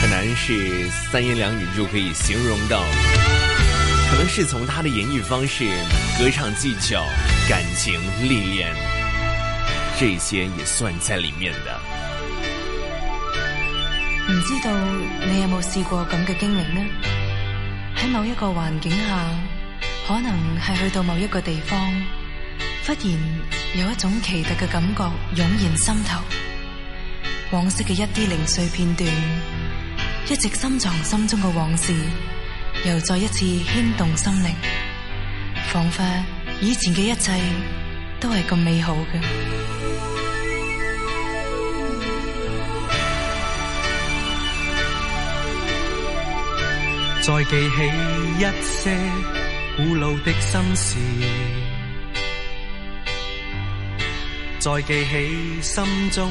可能是三言兩語就可以形容到，可能是從他的言語方式、歌唱技巧、感情歷練這些也算在裏面的。唔知道你有冇試過咁嘅經歷呢？喺某一個環境下，可能係去到某一個地方，忽然有一種奇特嘅感覺湧現心頭，往昔嘅一啲零碎片段。一直深藏心中嘅往事，又再一次牽動心靈，仿佛以前嘅一切都係咁美好嘅。再記起一些古老的心事，再記起心中。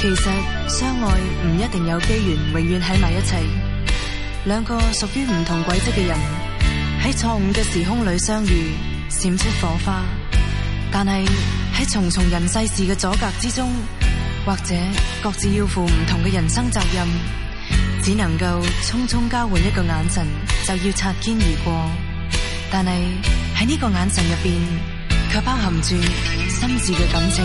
其實相愛唔一定有機緣，永遠喺埋一齊。兩個屬於唔同軌跡嘅人，喺錯誤嘅時空裏相遇，閃出火花。但係喺重重人世事嘅阻隔之中，或者各自要負唔同嘅人生責任，只能夠匆匆交換一個眼神，就要擦肩而過。但係喺呢個眼神入邊，卻包含住深摯嘅感情。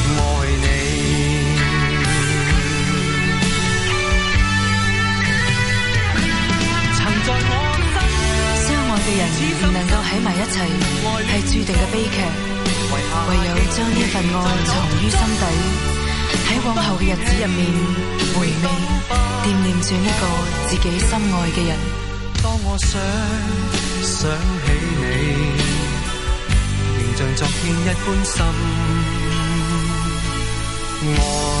唔能夠喺埋一齊，係注定嘅悲劇。唯有將呢份愛藏於心底，喺往後嘅日子入面回味，惦念住呢個自己心愛嘅人。當我想想起你，仍像昨天一般深愛。我